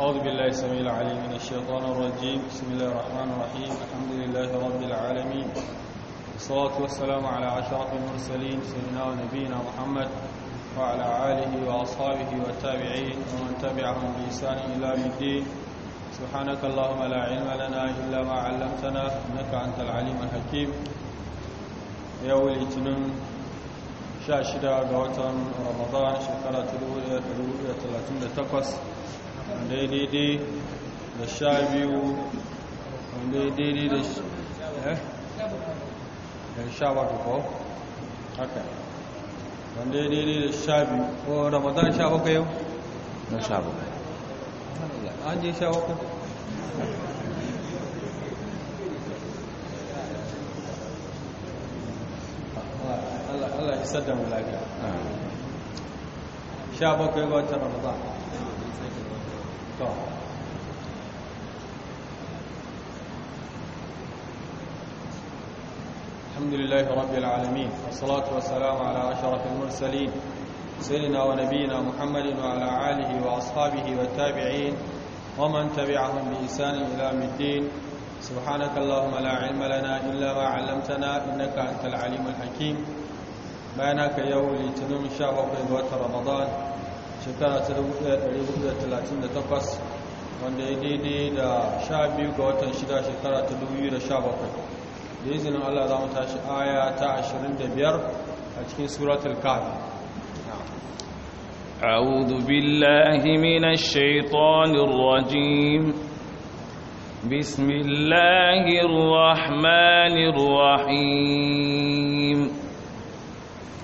أعوذ بالله السميع العليم من الشيطان الرجيم بسم الله الرحمن الرحيم الحمد لله رب العالمين والصلاة والسلام على أشرف المرسلين سيدنا ونبينا محمد وعلى آله وأصحابه والتابعين ومن تبعهم بإحسان إلى الدين سبحانك اللهم لا علم لنا إلا ما علمتنا إنك أنت العليم الحكيم يوم الاثنين شاشدة غوتان رمضان شكرا تلوية تلوية 38 wanda daidai da sha biyu wanda daidai eh? da sha bakwai ko haka wanda daidai da sha biyu ko ramadan sha yau na sha bakwai an je sha Allah ya sadda sha ramadan الحمد لله رب العالمين والصلاة والسلام على أشرف المرسلين سيدنا ونبينا محمد وعلى آله وأصحابه والتابعين ومن تبعهم بإحسان إلى الدين سبحانك اللهم لا علم لنا إلا ما علمتنا إنك أنت العليم الحكيم بينك يوم لتنم شهر رمضان shekara ta dubu daya dari hudu da da talatin takwas wanda ya daidai da sha biyu ga watan shida shekara ta dubu biyu da sha bakwai da izinin Allah za mu tashi aya ta ashirin da biyar a cikin suratul kafi أعوذ بالله من الشيطان الرجيم بسم الله الرحمن الرحيم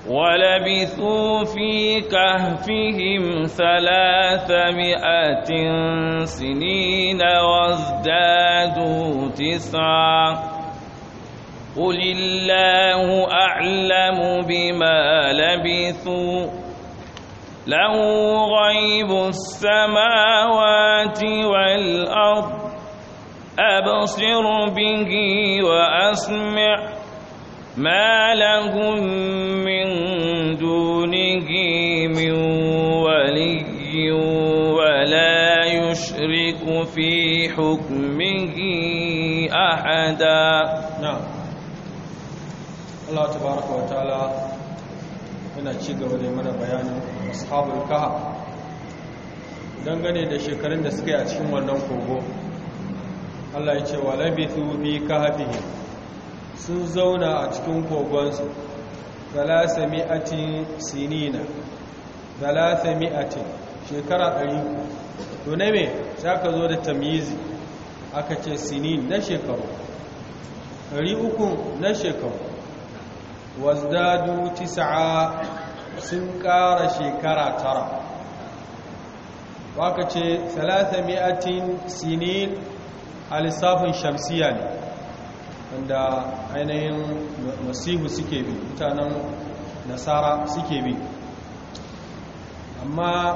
ولبثوا في كهفهم ثلاثمائة سنين وازدادوا تسعا قل الله أعلم بما لبثوا له غيب السماوات والأرض أبصر به وأسمع ما لهم من دونه من ولي ولا يشرك في حكمه أحدا نعم الله تبارك وتعالى yana ci gaba da bayanin ashabul kaha dangane da shekarun da suka yi a cikin wannan kogo Allah ya ce wa labithu bi kahfihi sun zauna a cikin kogonsu galasa mi'atin sinina galasa mi'atin shekara ɗari to ne me za ka zo da tamizi aka ce sinin na shekaru ɗari uku na shekaru wasdadu tisa'a sun ƙara shekara tara waka ce mi'atin sinin alisafin Shamsiyya shamsiya ne wanda ainihin masihu suke bi mutanen nasara suke bi amma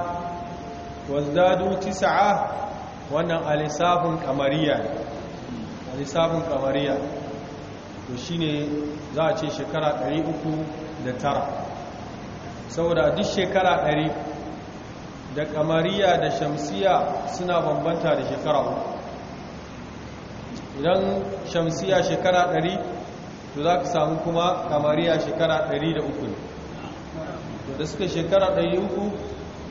wazdadu tisa'a wannan alisafin kamariya alisafin kamariya to shine za a ce shekara 309 saboda duk shekara 100 da kamariya da shamsiya suna bambanta da shekara uku idan shamsiya shekara 100 to za ka samu kuma kamariya shekara 103 ne da suka shekara 300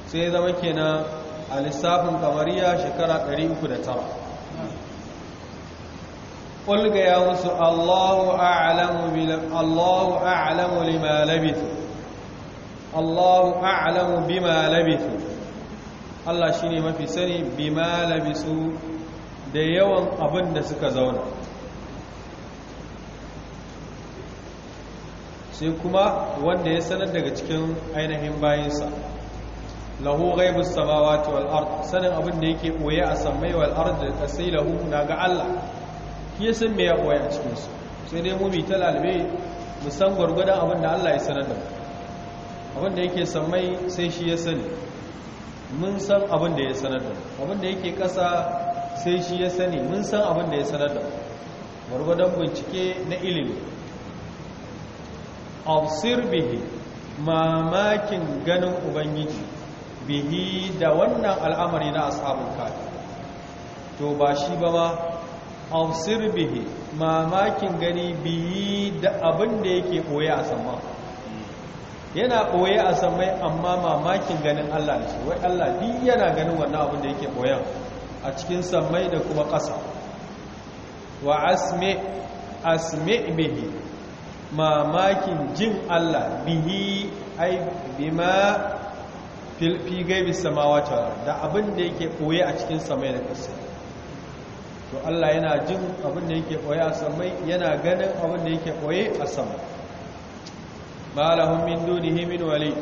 sai zama kenan a lissafin kamariya shekara 309 ƙulga ya musu allahu a'alamu lima labitu allahu a'alamu bima labitu allah shi ne mafi sani bima labisu da yawan abin da suka zauna sai kuma wanda ya sanar daga cikin ainihin bayinsa lahu ghaibu samawati wal ard sanin abin da yake boye a samai wal ard da kasai lahu na ga Allah shi ya san me ya boye a cikin su sai dai mu bi ta lalbe mu san gurgurdan abin da Allah ya sanar da mu abin da yake samai sai shi ya sani mun san abin da ya sanar da mu abin da yake kasa sai shi ya sani mun san abin da ya sanar da gwargwadon bincike na ilimi absir bihi mamakin ganin ubangiji bihi da wannan al'amari na asabun kafi to ba shi ba ma absir bihi mamakin gani bihi da abin da yake koya a sama yana koya a samai amma mamakin ganin Allah da shi wai Allah biyu yana ganin wannan abin da yake koyan a cikin sammai da kuma ƙasa wa asme asme bihi mamakin jin Allah bihi ai bima fi gaibi samawata da abin da yake koye a cikin samai da ƙasa to Allah yana jin abin da yake koye a samai yana ganin abin da yake koye a sama ba lahum min dunihi min wali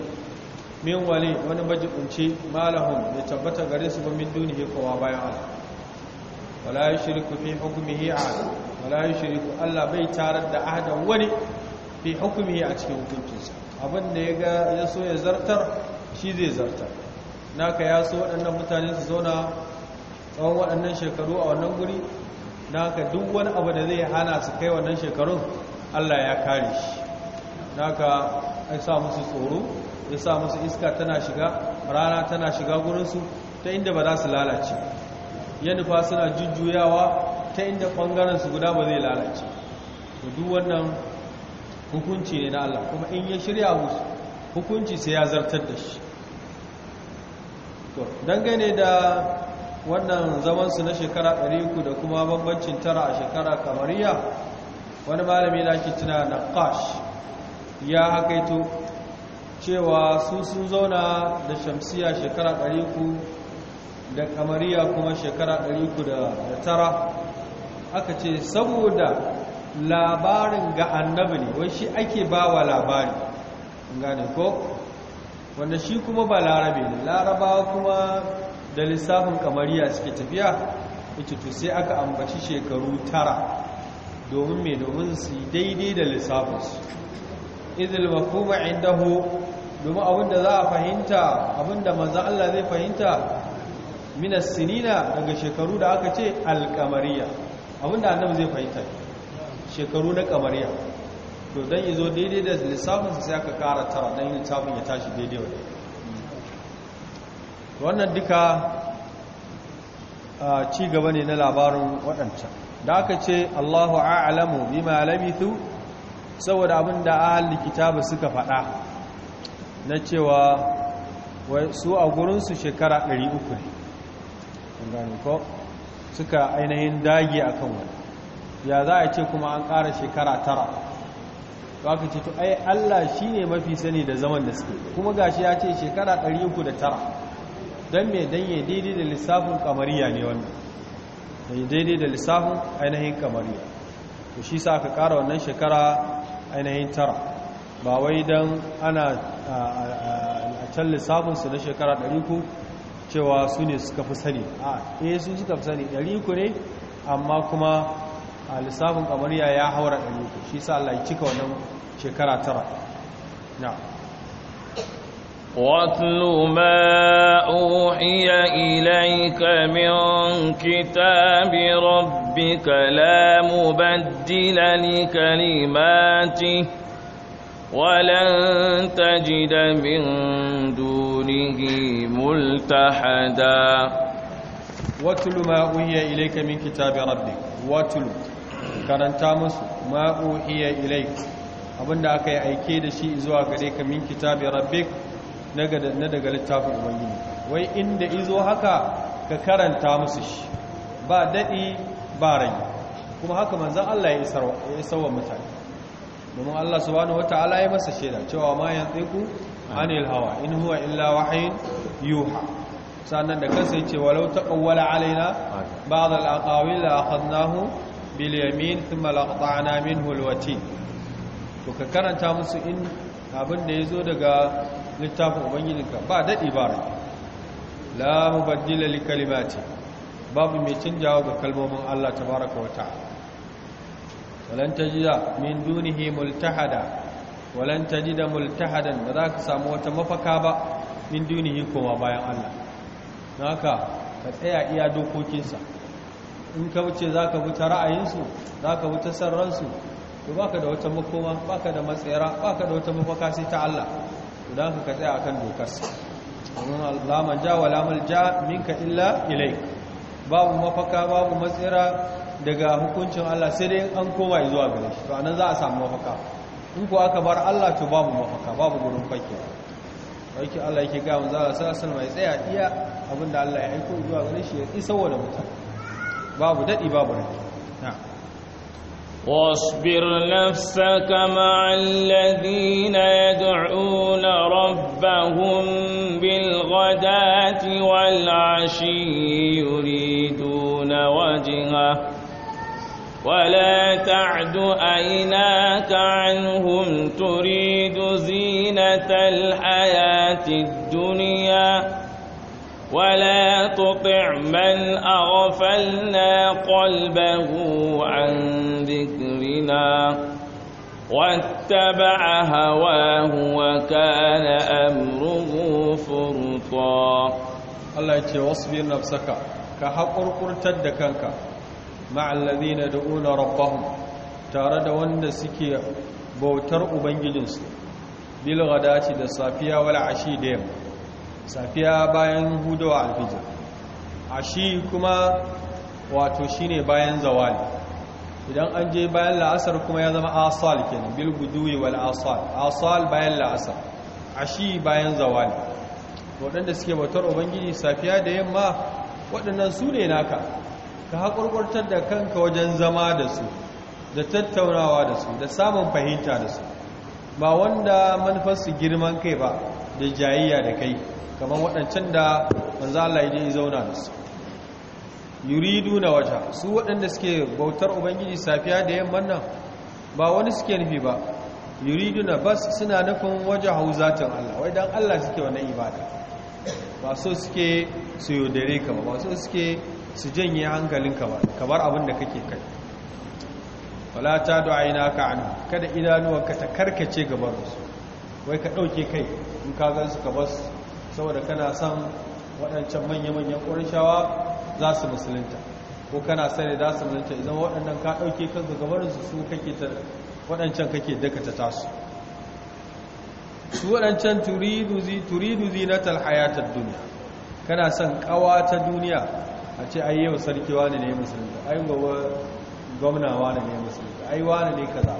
min wali wani majibunci malahun ya tabbata gare su ba min duniya kowa bayan Allah wala yushriku fi hukmihi ahad wala yushriku Allah bai tarar da ahadan wani fi hukmihi a cikin hukuncinsa abin da ya ga ya so ya zartar shi zai zartar naka ya so waɗannan mutane su zauna tsawon waɗannan shekaru a wannan guri naka duk wani abu da zai hana su kai wannan shekarun Allah ya kare shi naka ai sa musu tsoro ya sa musu iska tana shiga rana tana shiga gurinsu ta inda ba za su lalace ya nufa suna jujjuyawa ta inda ɓangarensu guda ba zai lalace duk wannan hukunci ne na Allah kuma in ya shirya musu hukunci sai ya zartar da shi dangane da wannan zamansu na shekara 300 da kuma bambancin tara a shekara kamariya wani malami na ke tuna naqash ya hakaito cewa su sun zauna da shamsiya shekara ɗari ku da kamariya kuma shekara ɗari ku da tara, aka ce saboda labarin ga annabi ne wai shi ake ba wa labari gane ko wanda shi kuma ba larabe ne larabawa kuma da lissafin kamariya suke tafiya ita to sai aka ambaci shekaru tara domin mai domin su daidai da su izil mafuma indahu domin abinda za a fahimta abinda manzan Allah zai fahimta minas sinina daga shekaru da aka ce alkamariya abinda annabi zai fahimta shekaru na kamariya to don yi zo daidai da lissafinsa sai aka kara tara don yin lissafin ya tashi daidai wa wannan duka ci gaba ne na labarin waɗancan da aka ce allahu a'lamu bima labithu saboda abinda ahli likita suka faɗa na cewa su a gurinsu shekara 300 ne gani ko suka ainihin dage a kan wani ya za a ce kuma an ƙara shekara tara Ba ka ce to ai Allah shi ne mafi sani da zaman da suke kuma gashi ya ce shekara 309 don mai danye daidai da lissafin kamariya ne wannan mai daidai da lissafin ainihin kamariya to shi sa aka ƙara wannan shekara ainihin tara ba wai don ana a can lissafinsu na shekara 300 cewa su ne suka fi sani a eh su suka fi sani 300 ne amma kuma a lissafin kamariya ya haura 300 shi sa Allah ya cika wannan shekara tara na واتل ما أوحي إليك من كتاب ربك لا مبدل لكلماته ولن تجد من دونه ملتحدا واتل ما أوهي إليك من كتاب ربك واتل karanta musu ma'u iya ilai abinda aka yi aike da shi zuwa gare ka min kitabi rabbik na daga littafin ubangiji wai in da izo haka ka karanta musu shi ba daɗi ba rai kuma haka manzan Allah ya isarwa mutane domin Allah subhanahu wata'ala ya masa shaida cewa ma yanziku anil hawa in huwa illa wahyin yuha sannan da kansa yace walau taqawwala alaina ba'd al-aqawil la akhadnahu bil yamin thumma laqata'na minhu al-watin to ka karanta musu in abin da yazo daga littafin ubangijinka ba dadi ba la mubaddila li kalimati babu mai canjawa ga kalmomin Allah tabaaraka wa ta'ala ولن تجد من دونه ملتحدا ولن تجد multahadan بذلك za ka samu wata mafaka ba min dunihi koma bayan Allah naka ka tsaya iya dokokinsa in ka wuce za ka wuta ra'ayinsu za ka wuta sarransu to ba ka da wata makoma ba ka da matsayara ba ka da wata mafaka sai ta Allah idan ka tsaya akan dokarsa domin laman ja daga hukuncin Allah sai dai an koma zuwa gare shi to anan za a samu mafaka in ko aka bar Allah to babu mafaka babu gurin fakewa yake Allah yake ga manzo Allah sallallahu alaihi wasallam mai tsaya iya abinda Allah ya aiko zuwa gare shi ya isa wa da babu dadi babu rake na'am واصبر نفسك مع الذين يدعون ربهم بالغداة والعشي يريدون وجهه ولا تعد عيناك عنهم تريد زينة الحياة الدنيا ولا تطع من أغفلنا قلبه عن ذكرنا واتبع هواه وكان أمره فرطا الله يتوصبر نفسك كحقر قرتد كنك ma'allazina da'una rabbahum tare da wanda suke bautar ubangijinsu bil ghadati da safiya wal ashi da yamma safiya bayan hudu hudawa alfijir ashi kuma wato shine bayan zawali idan an je bayan la'asar kuma ya zama asal kenan bil guduwi wal asal asal bayan la'asar ashi bayan zawali waɗanda suke bautar ubangiji safiya da yamma waɗannan su ne naka ka haƙurƙurtar da kanka wajen zama da su da tattaunawa da su da samun fahimta da su ba wanda manufarsu girman kai ba da jayayya da kai kamar waɗancan da manzo Allah ya zauna da su yuridu na wata su waɗanda suke bautar ubangiji safiya da yamman nan ba wani suke nufi ba yuridu na bas suna nufin waje hauzatin Allah wai dan Allah suke wannan ibada ba so suke su yaudare ka ba ba so suke su janye hankalinka ba ka bar abin da kake kai wala ta du'aina ka an kada ka ta karkace gaban su wai ka dauke kai in ka gan su ka bas saboda kana son waɗancan manya-manyan ƙurshawa za su musulunta ko kana sani za su musulunta idan waɗannan ka ɗauke kanka gaban su su kake ta waɗancan kake ta tasu su waɗancan turidu zi turidu zinatal hayatad duniya kana son ƙawa ta duniya a ce ai yau sarki wani ne musulunta ai gowa gwamna wani ne musulunta ai wani ne kaza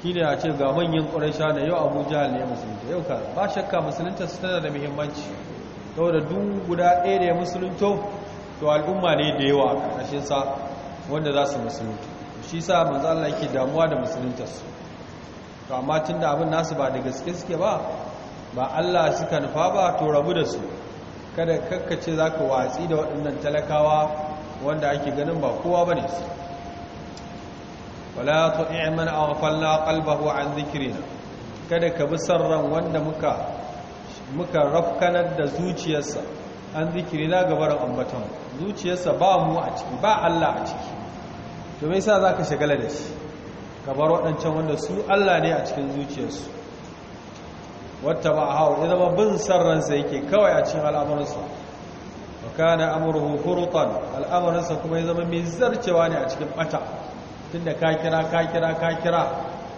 ki eh? ne a ce ga manyan ƙuraisha na yau abu jihar ne musulunta yau kaza ba shakka musulunta su tana da muhimmanci da duk guda ɗaya da ya musulunto to al'umma ne da yawa a sa wanda za su musulunta shi sa manzo Allah yake damuwa da su? to amma tunda abin nasu ba da gaske suke ba ba Allah suka nufa ba to rabu da su kada kakkace za ka watsi da waɗannan talakawa wanda ake ganin ba kowa ba ne su wala tu'i man aghfalna qalbahu an na. kada ka bi sarran wanda muka muka rafkanar da zuciyarsa an zikirina gabaran ambaton zuciyarsa ba mu a ciki ba Allah a ciki to me yasa ka shagala da shi ka bar waɗancan wanda su Allah ne a cikin zuciyarsu wata ba hau ya zama bin sarransa ransa yake kawai a cikin al'amuransa ka na amruhu furutan al'amuransa kuma ya zama mai zarcewa ne a cikin bata tunda ka kakira ka kira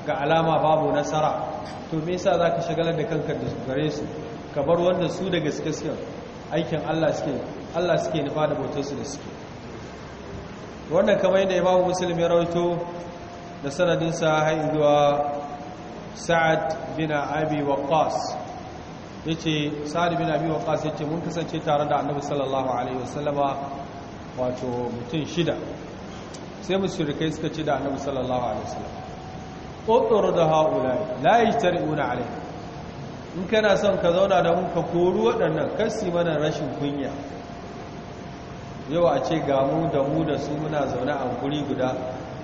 ga alama babu nasara to me za ka shagalar da kanka da gare su ka bar wanda su da gaske suke aikin Allah suke Allah suke nufa da bautar su da suke wannan kamar yadda Imam musulmi ya rawaito da sanadinsa sa haihuwa. sa'ad bin abi waqas yace sa'ad bin abi waqas yace mun kasance tare da annabi sallallahu alaihi wasallama wato mutum shida sai musyrikai suka ce da annabi sallallahu alaihi wasallam qutru da haula la yashtariuna alaihi in kana son ka zauna da mun ka koru waɗannan kasi mana rashin kunya yau a ce ga mu da mu da su muna zaune a guri guda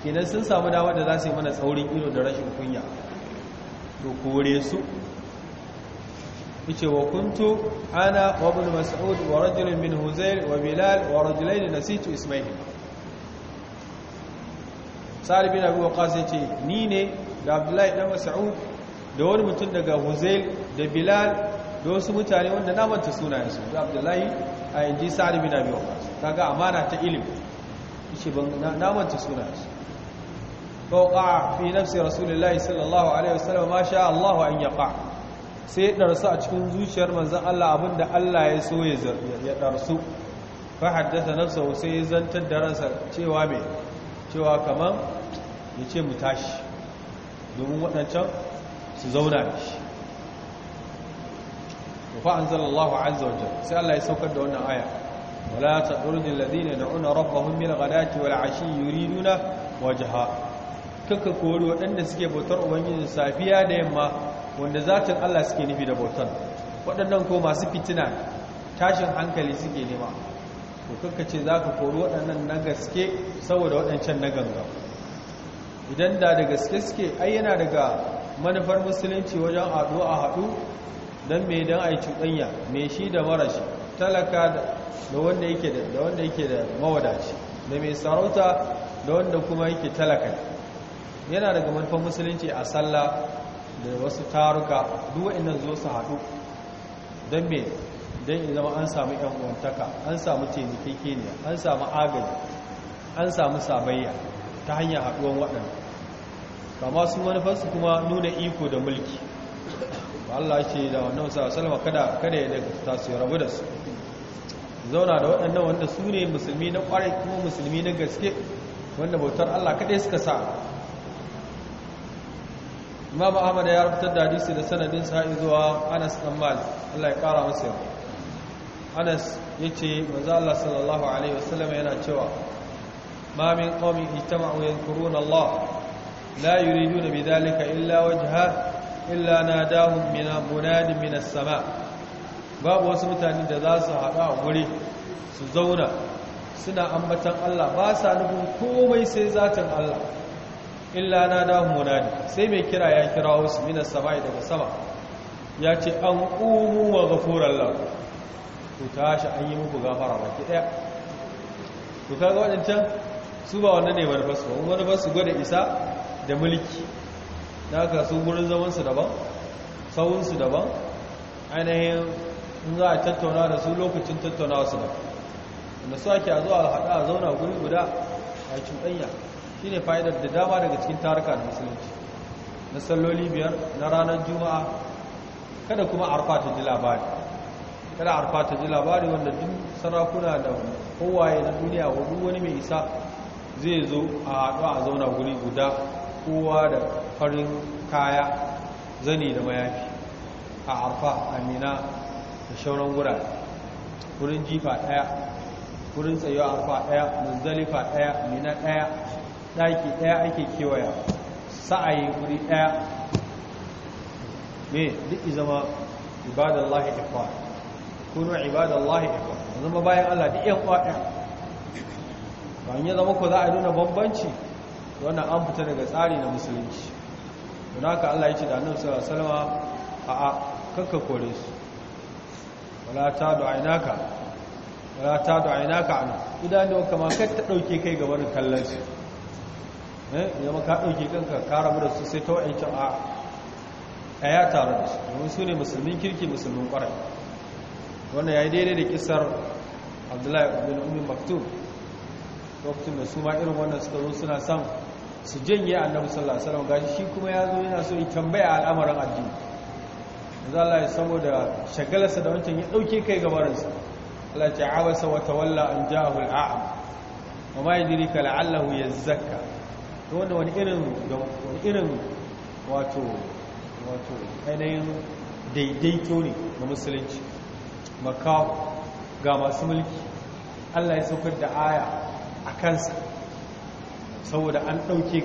kenan sun samu damar da za su yi mana tsaurin ido da rashin kunya to kore su yace wa kuntu ana wa ibn mas'ud wa rajul min huzair wa bilal wa rajulain nasitu isma'il sa'id bin abi waqas yace ni ne da abdullahi dan mas'ud da wani mutum daga huzair da bilal da wasu mutane wanda na manta sunayensu da abdullahi a yanzu sa'id bin abi waqas kaga amana ta ilimi yace ban na manta sunayensu fauqa fi nafsi rasulullahi sallallahu alaihi wasallam ma sha Allahu an yaqa sai darsu a cikin zuciyar manzon Allah abinda Allah ya so ya darsu fa haddatha nafsahu sai zantar da ransa cewa me cewa kaman yace mu tashi domin waɗancan su zauna da shi fa anzalallahu azza wajalla sai Allah ya saukar da wannan aya wala tadurrul ladina da'una rabbahum bil ghadati wal ashi yuriduna wajha kaka kori waɗanda suke bautar ubangiji safiya da yamma wanda zatin Allah suke nufi da bautar waɗannan ko masu fitina tashin hankali suke nema ko kaka ce za ka kori waɗannan na gaske saboda waɗancan na ganga idan da da gaske suke ai yana daga manufar musulunci wajen haɗu a haɗu don mai don a yi cuɗanya mai shi da shi talaka da wanda yake da mawadaci da mai sarauta da wanda kuma yake talaka yana daga manufan musulunci a sallah da wasu taruka duwa inda zo su haɗu don me don yi zama an samu yan uwantaka an samu taimakekeniya an samu agaji an samu sabayya ta hanyar haɗuwan waɗanda kama su manufansu kuma nuna iko da mulki Allah ce da wannan sa salama kada kada ya daga ta su rabu da su zauna da waɗannan wanda su ne musulmi na ƙwarai kuma musulmi na gaske wanda bautar Allah kaɗai suka sa imamu ahmad ya rubuta da hadisi da sanadin sa zuwa anas dan malik Allah ya kara masa yau. anas yace manzo Allah sallallahu alaihi wasallam yana cewa ma min qaumin ijtama'u yadhkuruna Allah la yuriduna bidhalika illa wajha illa nadahum min munadin min as-sama' babu wasu mutane da za su haɗa a wuri su zauna suna ambatan Allah ba sa nufin komai sai zatin Allah illa na dahu munadi sai mai kira ya kira wasu minas sama'i daga sama ya ce an ƙumu wa gafuran lafi ku tashi an yi muku gafara baki ɗaya ku kaga waɗancan su ba wannan ne basu ba basu gwada isa da mulki da aka su gurin zamansu daban sauransu daban ainihin in za a tattauna da su lokacin tattauna su da. wanda su ake a zuwa haɗa a zauna guri guda a ɗanya shi ne fa'idar da dama daga cikin taruka da musulunci na salloli biyar na ranar juma'a kada kuma arfa ta ji labari kada arfa ta ji labari wanda duk sarakuna da kowaye na duniya wa wani mai isa zai zo a haɗu a zauna guri guda kowa da farin kaya zani da mayafi a arfa amina da shauran gura wurin jifa ɗaya wurin tsayo arfa ɗaya muzdalifa ɗaya mina ɗaya ɗaki ɗaya ake kewaya sa'ayi wuri ɗaya me duk zama ibadallahi ikwa kunu ibadallahi ikwa zama bayan Allah duk yan kwa ɗaya bayan ya zama ku za a nuna bambanci wannan an fita daga tsari na musulunci don haka Allah ya ce da annabi sallallahu alaihi wasallam a'a kakka kore su wala ta du'ainaka wala ta du'ainaka an idan da kuma kai ta dauke kai gaban kallon su Eh, yamma ka ɗauki kanka ka rabu da su sai ta wa'ancin a a ya taru da su domin su ne musulmin kirki musulmin ƙwarai wannan ya yi daidai da kisar abdullahi bin umin Maktub. lokacin da su ma irin wannan suka zo suna son su janye annabi sallallahu alaihi wasallam gashi shi kuma ya zo yana so ya tambaya al'amarin addini yanzu Allah ya da shagalarsa da wancan ya ɗauke kai gabarinsa Allah ya ce awasa wata walla an ja'ahu al'am wa ma yadrika la'allahu yazakka to wanda wani irin wani irin wato wato ainihin daidaito ne na musulunci makawo ga masu mulki allah ya saukar da aya a kansa saboda an ɗauke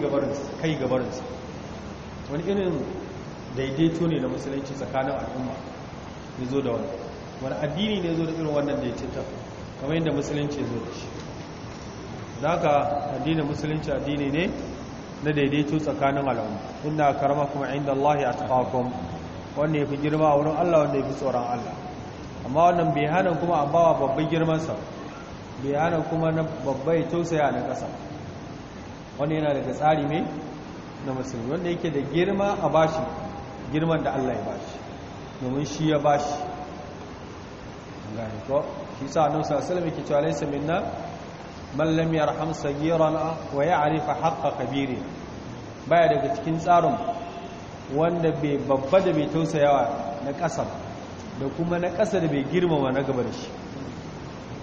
kai gabarinsa wani irin daidaito ne na musulunci tsakanin al'umma ya zo da wani wani addini ne zo da irin wannan da ya daidaita kamar yadda musulunci ya zo da shi Za ka addinin musulunci addini ne na daidaito tsakanin al'umma inna karamakum inda Allah ya atqakum wanda fi girma a wurin Allah wanda ya fi tsoron Allah amma wannan bai hana kuma a bawa babban girmansa. sa hana kuma na babban ya tausaya na ƙasa wanda yana daga tsari mai na musulmi wanda yake da girma a bashi girman da Allah ya bashi domin shi ya bashi gani ko shi sa annabi sallallahu alaihi cewa minna man lam yarham saghirana wa ya'rif haqq kabiri baya daga cikin tsarin wanda bai babba da bai tausayawa na ƙasa da kuma na ƙasa da bai girmama na gaba da shi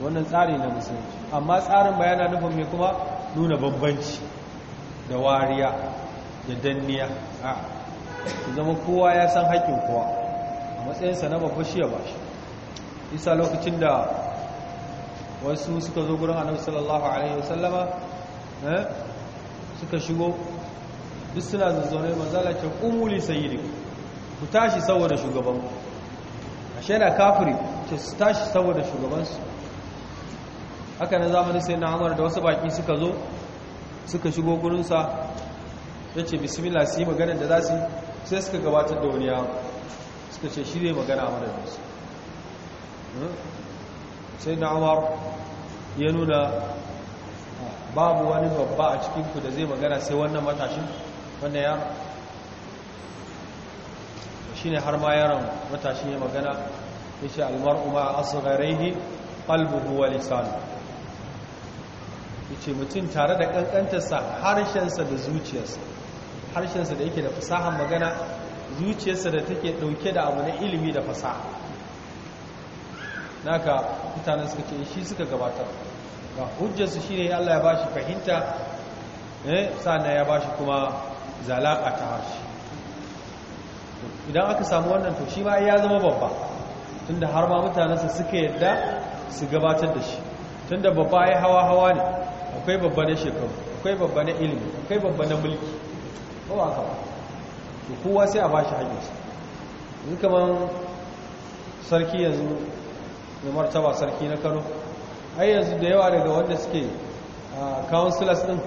wannan tsari na musulunci amma tsarin bayana nufin mai kuma nuna bambanci da wariya da danniya a zama kowa ya san haƙƙin kowa a matsayinsa na babba shi ya ba shi isa lokacin da wasu suka zo gurin annabi sallallahu alaihi wasallama eh, suka shigo duk suna zazzaune manzala ce umuli sayyidi ku tashi saboda shugaban ashe na kafiri ce su tashi saboda shugabansu haka na zamanin sai na amara da wasu baki suka zo suka shigo gurinsa ya ce bismillah su yi magana da za su sai suka gabatar da wani yawon suka ce shi ne magana da su hmm? sai na ya nuna babu wani babba a cikinku da zai magana sai wannan matashin wannan ya shi ne har ma yaron matashin ya magana ya ce a ma asgharaihi qalbuhu wa lisanu ce mutum tare da kankantarsa harshensa da zuciyarsa harshensa da yake da fasahan magana zuciyarsa da take ɗauke da abu na ilimi da fasaha naka mutane suka ce shi suka gabatar ba hujjarsu shi ne Allah ya bashi fahimta eh sannan ya bashi kuma zalaka ta harshe idan aka samu wannan to shi ma ya zama babba tunda har ma mutanensa suka yadda su gabatar da shi tunda babba ya hawa hawa ne akwai babba na shekaru akwai babba na ilimi akwai babba na mulki kowa ka ba to kowa sai a bashi hajjinsa yanzu kamar sarki yanzu mai martaba sarki na kano ai yanzu da yawa daga wanda suke councilors din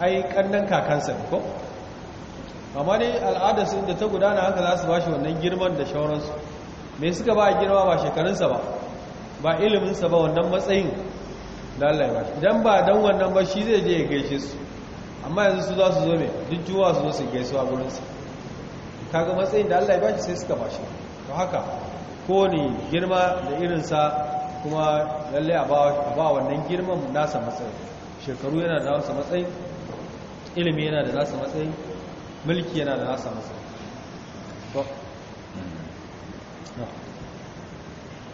ai kannan kakansa ko amma dai al'adar su da ta gudana haka za su ba shi wannan girman da shauransu me suka ba girma ba shekarunsa ba ba iliminsa ba wannan matsayin da Allah ya shi idan ba dan wannan ba shi zai je ya gaishe su amma yanzu su za su zo me duk juwa su zo su gaisuwa gurinsa kaga matsayin da Allah ya bashi sai suka bashi to haka kowane girma da irinsa kuma lalle a ba wannan girman nasa matsayi shekaru yana da nasa matsayi ilimi yana da nasa matsayi mulki yana da nasa matsayi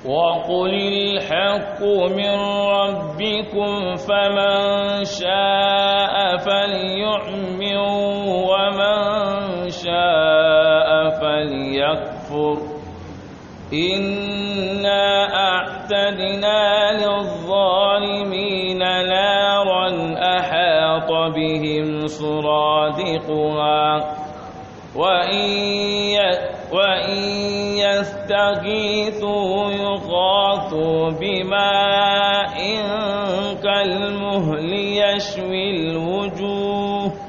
وقل الحق من ربكم فمن شاء فليؤمن ومن شاء فليكفر إنا أعتدنا للظالمين نارا أحاط بهم سرادقها وإن, وإن يستغيثوا يغاثوا بماء كالمهل يشوي الوجوه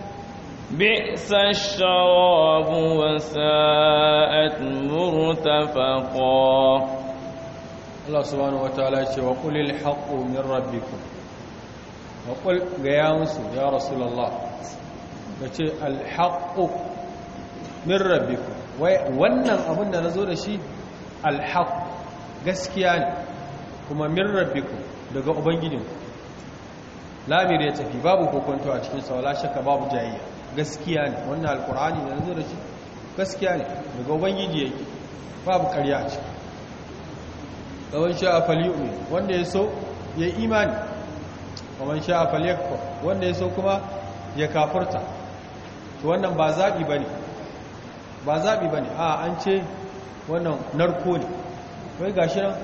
بئس الشراب وساءت مرتفقا الله سبحانه وتعالى وقل الحق من ربكم وقل قيامس يا رسول الله kace alhaqqu min rabbikum wai wannan abin da nazo da shi alhaq gaskiya ne kuma min rabbiku daga ubangijinku lamir ya tafi babu kokonto a cikin sawala shakka babu jayayya gaskiya ne wannan alkur'ani da nazo da shi gaskiya ne daga ubangiji yake babu karya a ciki tsawon sha'a fali'u wanda ya so ya yi imani waman sha'a fali'akwa wanda ya so kuma ya kafurta to wannan ba zaɓi ba ne ba zaɓi ba ne a an ce wannan narko ne wai ga shi nan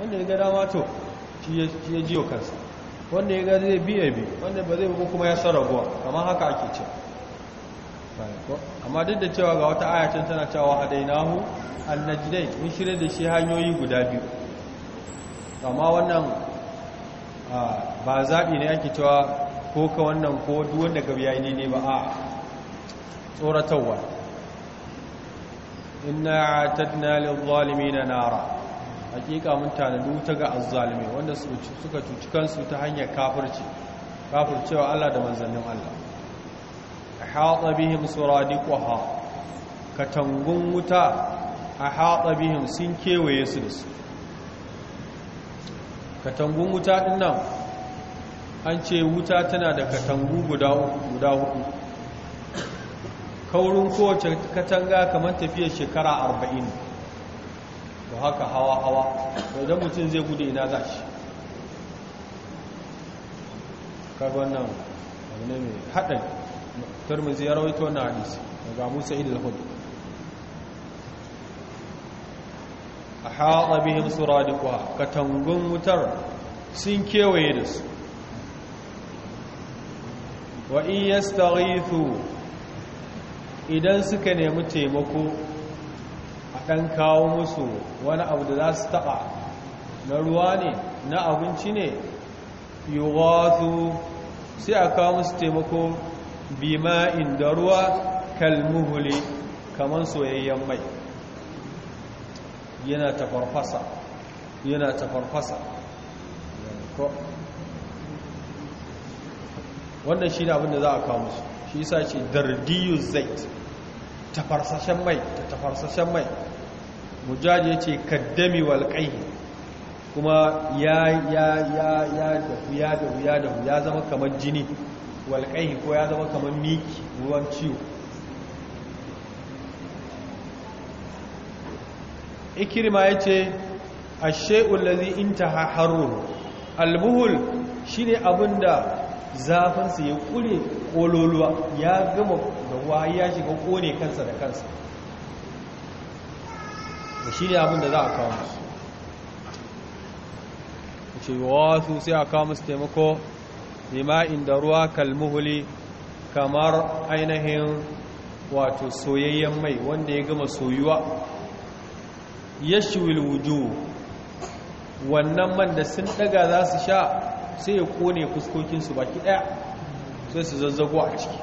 wanda ya gada mato shi ya jiyo kansa wanda ya gada zai biya biyu wanda ba zai buku kuma ya sarrabuwa kamar haka ake cewa amma duk da cewa ga wata ayacin tana cewa a hadainahu annajdain mun shirye da shi hanyoyi guda biyu amma wannan ba zaɓi ne ake cewa ko ka wannan ko duwanda wanda ka biya ne ne ba a tsoratawa inna atadna lil-zalimin nara hakika mun tanadi ga azzalimi wanda suka cuci kansu ta hanyar kafirci kafircewa Allah da manzannin Allah haɗa bihim suradiquha katangun wuta a haɗa bihim sun kewaye su da su katangun wuta ɗin nan an ce wuta tana da katangu guda hudu kaurin kowace katanga kamar tafiyar shekara arba'in to haka hawa-hawa idan mutum zai gudu ina za shi kaga wannan wani ne haɗari tarmizi ya rawaito wannan hadisi daga musa idil hudu a haɗa bihin suradikuwa katangun wutar sun kewaye da su wa iya starithu idan suka nemi taimako a ɗan kawo musu wani abu da za su taɓa na ruwa ne na abinci ne yi sai a kawo musu taimako bima'in da ruwa kalmuhuli kamar soyayyen mai yana tafarfasa yana tafarfasa wannan shi ne abinda za a kawo musu shi yasa ce dardiyu zait tafarsashen mai ta tafarsashen mai mujaji ce kaddami kai kuma ya ya ya ya zama kamar jini walƙaihi ko ya zama kamar miki ruwan ciwo ikirma ya ce a she'ulazi in ta haro albuhul shi ne abinda zafinsa ya ƙure ƙololuwa ya gama da wa ya shiga ƙone kansa da kansa da shi ne abinda za a kawo musu ce wasu sai a kawo masu taimako bima'in da ruwa kalmuhuli kamar ainihin wato soyayyen mai wanda ya gama soyuwa ya shiwil wannan man da sun daga za su sha sai ya kone fuskokinsu baki daya sai su zazzago a ciki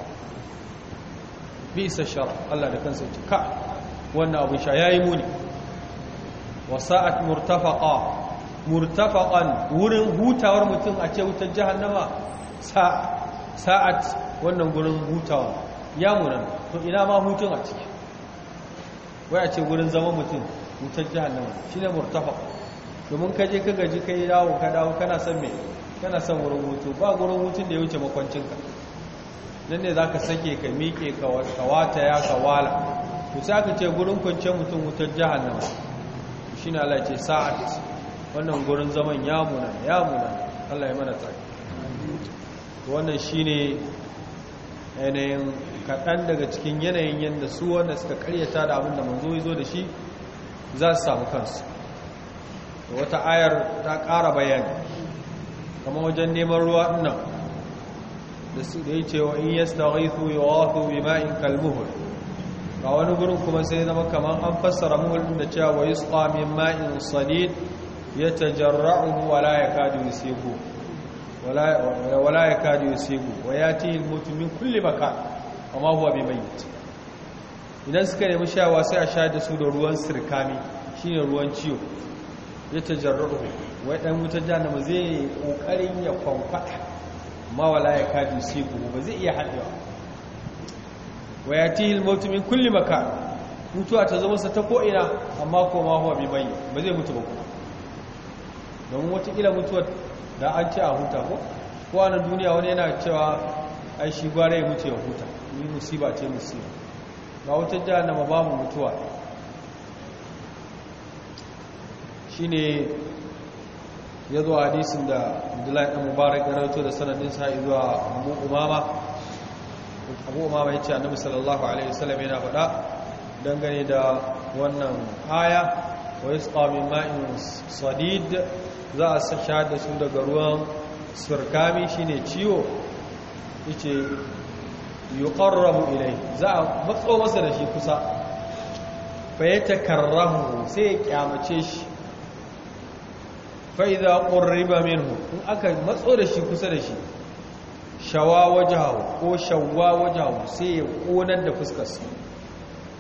bisa shar Allah da kansa ce ka wannan abin sha yayi muni wasa'at murtafaqa murtafaqan wurin hutawar mutum a ce wutar jahannama sa'at wannan gurin hutawa ya munan to ina ma hutun a ciki wai a ce gurin zama mutum hutar jahannama shi ne murtafa domin ka je ka gaji ka yi yawon ka dawo kana son mai kana son wurin hutu ba gurin hutun da ya wuce makwancinka nan ne za ka sake ka miƙe ka wata ya ka wala to sai aka ce gurin kwance mutum wutar jahannama shi ne Allah ce sa'at wannan gurin zaman ya munan ya munan Allah ya mana tsaki wannan shine yanayin kaɗan daga cikin yanayin yadda su wanda suka karyata da abin da manzo ya zo da shi za su samu kansu wata ayar ta ƙara bayani kama wajen neman ruwa ɗinan da su da yi cewa in yi na haifu ya bi ma'in kalmuhul a wani gurin kuma sai zama kamar an fassara muhul da cewa wa yi tsamin ma'in sanid ya tajarra'uhu wala ya kadu yusifu wala ya kadu ya sego wa ya yi ilmutu min kulle baka amma huwa bai yi idan suka nemi shawa sai a sha da su da ruwan sirkami shine ruwan ciwo ya tajarruhu wai dan jana ma zai yi kokarin ya kwankwada amma wala ya sai sego ba zai iya hadewa wa ya yi ilmutu min kulle baka mutuwa ta zama sa ta ko'ina amma ko ma huwa bai yi ba zai mutu ba kuma don watakila mutuwar da an ce a huta ko ko duniya wani yana cewa ai shi gware ya mutu ya huta ni musiba ce musiba ba wata jahannama ba mu mutuwa shine ya zo hadisin da Abdullahi ɗan Mubarak ya rauto da sanadin sa zuwa Abu Umama Abu Umama ce Annabi sallallahu alaihi wasallam yana faɗa dangane da wannan aya wa yasqa min ma'in sadid za a sha da su daga ruwan surkami ne ciwo yace yuqarrabu ilai za a matso masa da shi kusa fa sai ya kyamace shi fa idza qurriba minhu in aka matso da shi kusa da shi shawa wajahu ko shawwa wajahu sai ya konar da fuskarsa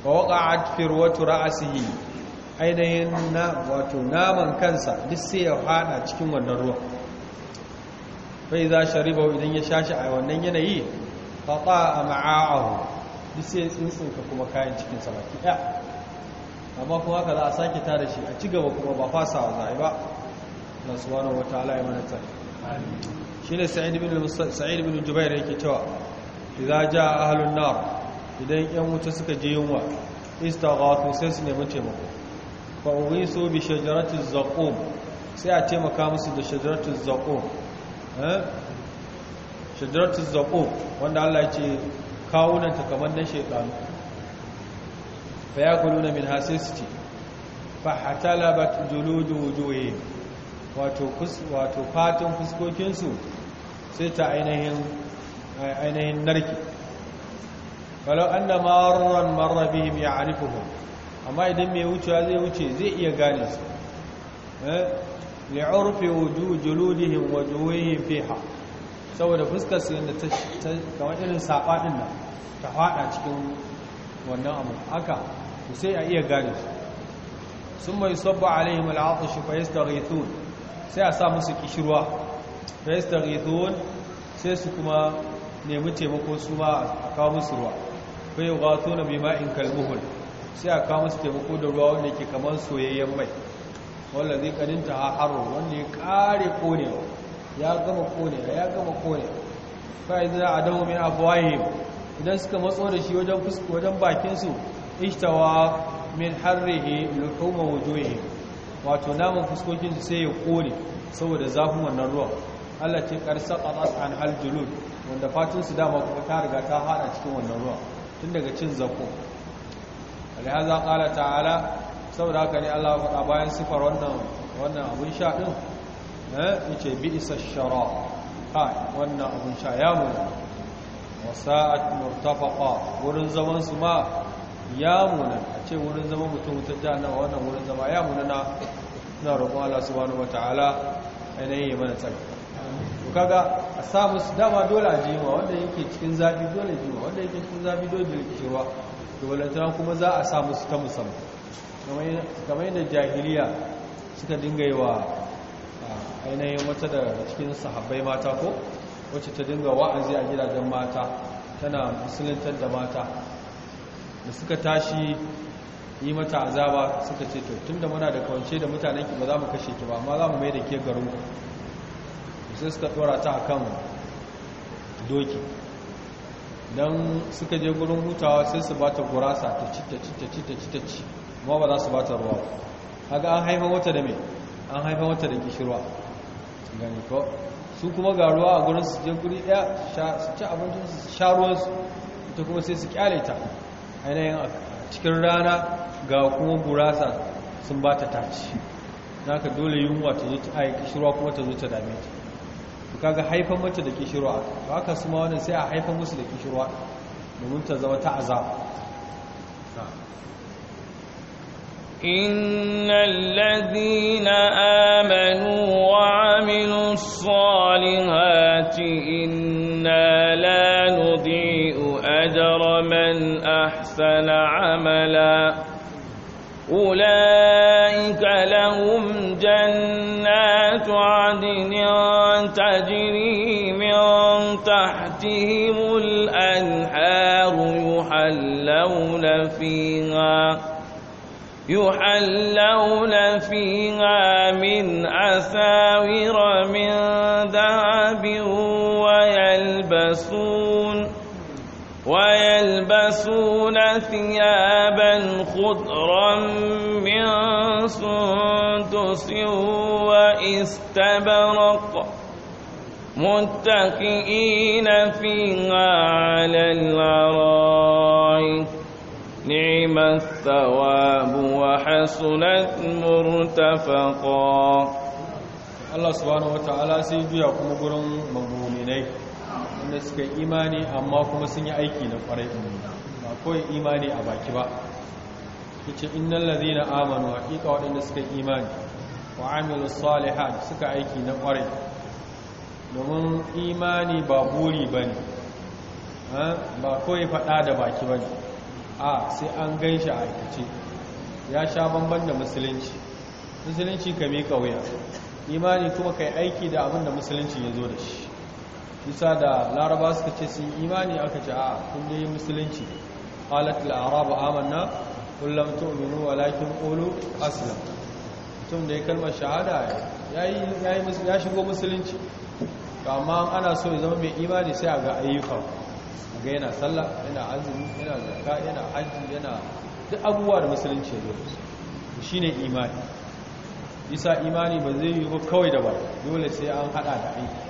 fa waqa'at firwatu ra'sihi ainihin na wato naman kansa duk sai ya hada cikin wannan ruwan bai za shariba idan ya sha shi a wannan yanayi fata a ma'a'ahu duk sai ya tsintsinka kuma kayan cikin baki ɗaya amma kuma haka za a sake tare shi a cigaba kuma ba fasa za a yi ba na wani wata ala ya mana tsari shi ne sa'id bin jubair yake cewa idan ja ahalun nar idan yan wuta suka je yunwa istaghathu sai su nemi taimako fa'uriso bi shajaratun zaƙo sai a taimaka musu da shajaratun zaƙo eh? shajaratun zaƙo wanda allah ce ta kamar na shekaru fa ya kuluna min hasisti fa hatalabat juludu wujuhi wato fatan fuskokinsu sai ta ainihin narki falau an da mararren bihim ya arifuhun amma idan mai wucewa zai wuce zai iya gane su eh? li'urfi wuju juludihim wa fi fiha saboda fuskar su yadda ta kamar irin saba din ta fada cikin wannan abu haka to sai a iya gane su mai sabba alaihim al'atish fa yastaghithun sai a sa musu kishirwa fa yastaghithun sai su kuma nemi taimako su ma a kawo musu ruwa fa yughatuna bima'in kalmuhul sai a kawo masu taimako da ruwa wanda ke kamar soyayyen mai wanda zai kaninta a haro wanda ya kare kone ya gama kone ya gama kone fa'i zai a dawo mai abuwaye idan suka matso da shi wajen fuska wajen bakinsu ishtawa min harrihi lukuma wujuhi wato naman fuskokin sai ya kone saboda zafin wannan ruwan Allah ce karsa qatas an hal julud wanda fatin su dama kuma ta riga ta hada cikin wannan ruwa tun daga cin zakko alhaza qala ta'ala saboda haka ne Allah ya faɗa bayan sifar wannan wannan abun sha ɗin eh yace bi isa shara ha wannan abun sha ya mu wasa'at murtafaqa wurin zaman su ma ya muna a ce wurin zama mutum ta jahannama wannan wurin zama ya muna na na roƙon Allah subhanahu wataala ainihin yi mana tsaki kaga a samu su dama dole a jima wanda yake cikin zafi dole jima wanda yake cikin zafi dole jirgicewa to kuma za a samu su ta musamman kamar yadda jahiliya suka dinga yi wa ainihin wata da cikin sahabbai mata ko wacce ta dinga wa'azi a gidajen mata tana musulintar da mata da suka tashi yi mata azaba suka ce to da muna da kawance da mutanen ki ba za mu kashe ki ba amma za mu mai da ke garin sai suka tsora ta kan doki don suka je gurin hutawa sai su bata gurasa ta cita cita cita cita ci ma ba za su bata ruwa haka an haifa wata da mai an haifa wata da kishirwa gani ko su kuma ga ruwa a gurin su je guri daya su ci abincin su sha ruwansu ita kuma sai su kyale ta ainihin a cikin rana ga kuma gurasa sun bata taci ka dole yunwa ta zuci a yi kishirwa kuma ta zo ta dame kaga haifan mace da kishirwa to haka su ma wannan sai a haifan musu da kishirwa domin ta zama ta azab إن الذين آمنوا وعملوا الصالحات إنا لا نضيء أجر من أحسن عملا أولئك لهم جنات عدن تجري من تحتهم الأنهار يحلون فيها يحلون فيها من أساور من ذهب ويلبسون ويلبسون ثيابا خضرا من سندس واستبرق متكئين فيها على الأرائك نعم الثواب وحسنت مرتفقا Allah subhanahu wata'ala sai juya kuma gurin magominai wanda suka imani amma kuma sun yi aiki na kwarai ba kawai imani a baki ba yace innal ladina amanu haqiqa waɗanda suka imani wa amilu salihan suka aiki na kwarai domin imani ba buri ba ne ba kawai faɗa da baki ba ne a sai an gan shi a aikace ya sha banban da musulunci musulunci ka mika wuya imani kuma ka yi aiki da abin da musulunci ya zo da shi bisa da laraba suka ce sun imani aka ce a kun yi musulunci halat la'arabu amanna kullum tu'minu walakin qulu aslam mutum da ya kalmar shahada ya shigo musulunci amma ana so ya zama mai imani sai a ga ayyuka ga yana sallah yana azumi yana zakka yana hajji yana duk abubuwa da musulunci ya zo shi ne imani isa imani ba zai yi ba kawai da ba dole sai an hada da aiki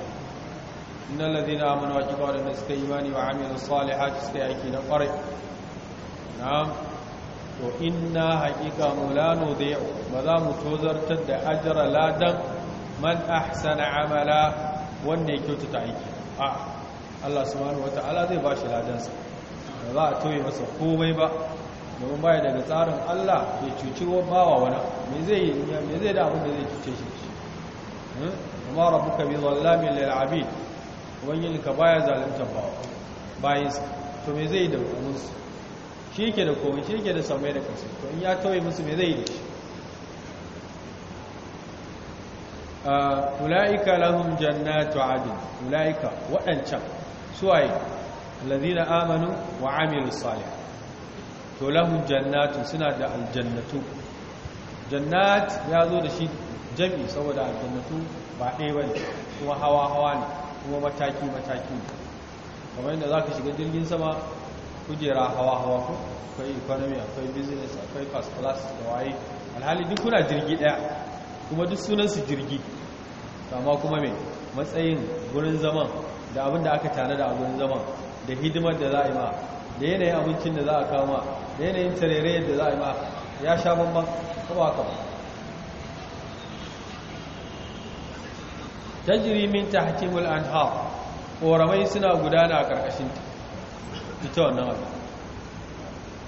inna allazina amanu wa qiqalu inna suka imani wa amina amilu hajji sai aiki na kwarai na'am to inna haqiqa mulanu dai ba za mu tozartar da ajra ladan man ahsana amala wanda ya kyautata aiki a Allah subhanahu wata'ala zai bashi ladansa ba za a toye masa komai ba domin baya daga tsarin Allah ya cuci bawa wani me zai yi me zai da abin da zai cuce shi hmm? amma rabbuka bi zallami lil abid ubangiji ka baya zalunta bayin sa, to me zai da abin su shi yake da komai shi yake da samai da kansa to in ya toye musu me zai yi da shi ula'ika lahum jannatu adn ula'ika waɗancan suwaye alladhina amanu wa amilus salih to lahum jannatu suna da aljannatu jannat ya zo da shi jami saboda aljannatu ba ɗaya bane kuma hawa hawa ne kuma mataki mataki kamar yadda zaka shiga jirgin sama kujera hawa hawa ko akwai economy akwai business akwai first class da waye alhali duk kuna jirgi ɗaya kuma duk sunansu jirgi amma kuma mai matsayin gurin zaman da abin da aka tana da gurin zaman da hidimar da za a yi ma da yanayin abincin da za a kama da yanayin tarere da za a yi ma ya sha bambam kuma haka ta jiri min hakim anhar ƙoramai suna gudana a karkashin fita wannan abu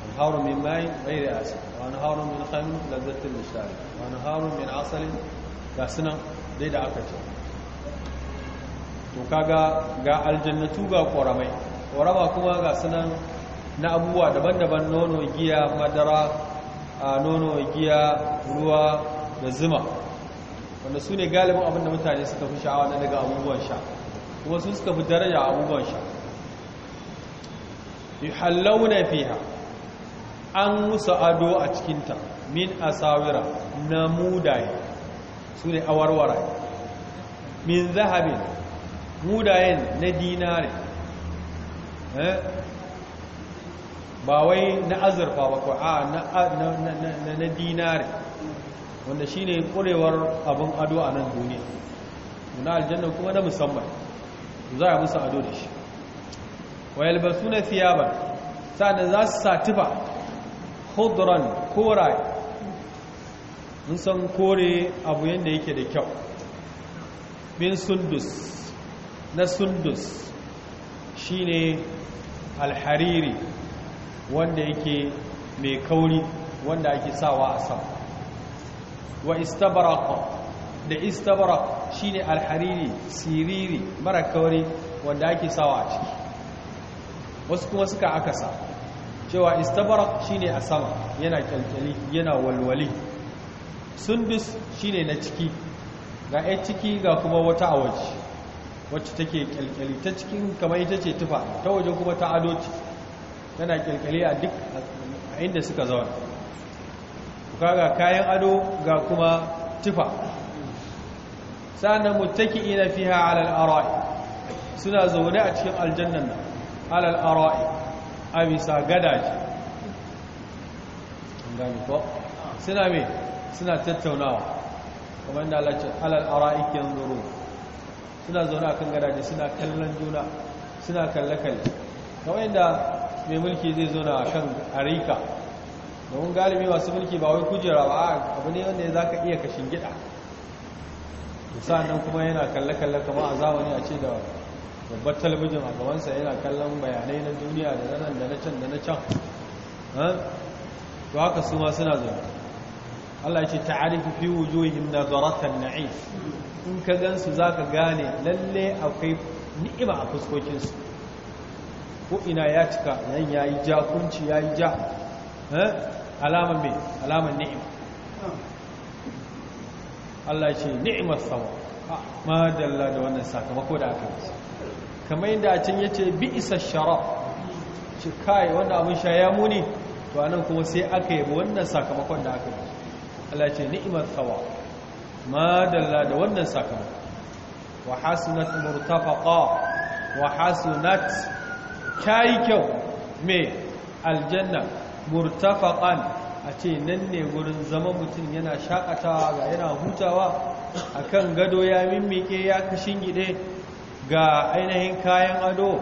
anharu mai mai bai da asiri وانهار من خمر لذة للشارب من عسل ga sunan dai da aka ce to kaga ga aljannatu ga ƙoramai ƙorama kuma ga sunan na abubuwa daban-daban nono giya madara a nono giya ruwa da zuma wanda su ne galibin abinda mutane suka fi sha'awa na daga abubuwan sha kuma su suka fi daraja abubuwan sha yuhallawna fiha an musa ado a cikinta min asawira na mudaye su ne awarwara min zahabin mudayen na dinare eh? ba wai na azurfa ba a na dinare wanda shi ne ƙurewar abin ado a nan duniya na aljanna kuma na musamman za a musa ado da shi wayalbar suna fiya ba sa'adda za su sa tufa khudran koraye mun san kore abu yadda yake da kyau bin sundus na sundus shine alhariri wanda yake mai kauri wanda ake sawa a sam wa istabaraka da istabarak shine alhariri siriri mara kauri wanda ake sawa a ciki wasu kuma suka akasa cewa istabarak shine a sama yana kyalkyali yana walwali sundus shine na ciki ga ɗaya ciki ga kuma wata a waje wacce take kyalkyali ta cikin kamar ita ce tufa ta waje kuma ta ado ce tana kyalkyali a duk a inda suka zauna ga kayan ado ga kuma tufa sa'annan muttaki'ina fiha alal ara'i suna zaune a cikin aljannan nan alal ara'i a bisa gadaje gani ko suna mai suna tattaunawa kamar da alal ara'ik zuru suna zaune a kan gadaje suna kallon juna suna kalle-kalle kamar da mai mulki zai zauna a kan arika domin galibi masu mulki ba wai kujera ba abu ne wanda za ka iya kashin gida sa'an nan kuma yana kalle-kalle kama a zamani a ce da babbar talabijin a gabansa yana kallon bayanai na duniya da nan da na can da na can to haka su ma suna zuwa Allah ya ce ta'arifu fi wujuhin nazaratan na'im in ka gansu zaka gane lalle akwai ni'ima a fuskokin su ko ina ya cika nan yayi ja kunci yayi ja eh alama me alama ni'ima Allah ya ce ni'imar sawa ma dalla da wannan sakamako da aka yi kamar yadda a can yace bi isa sharaf shi kai wanda abin sha ya muni to anan kuma sai aka yi wannan sakamakon da aka yi Allah ce ni'imat sawa ma dalla da wannan sakamakon wa hasunat murtafaqa wa hasunat kai kyau me aljanna murtafaqan a ce nan ne wurin zama mutum yana shakatawa ga yana hutawa akan gado ya mimike ya kashin gide ga ainihin kayan ado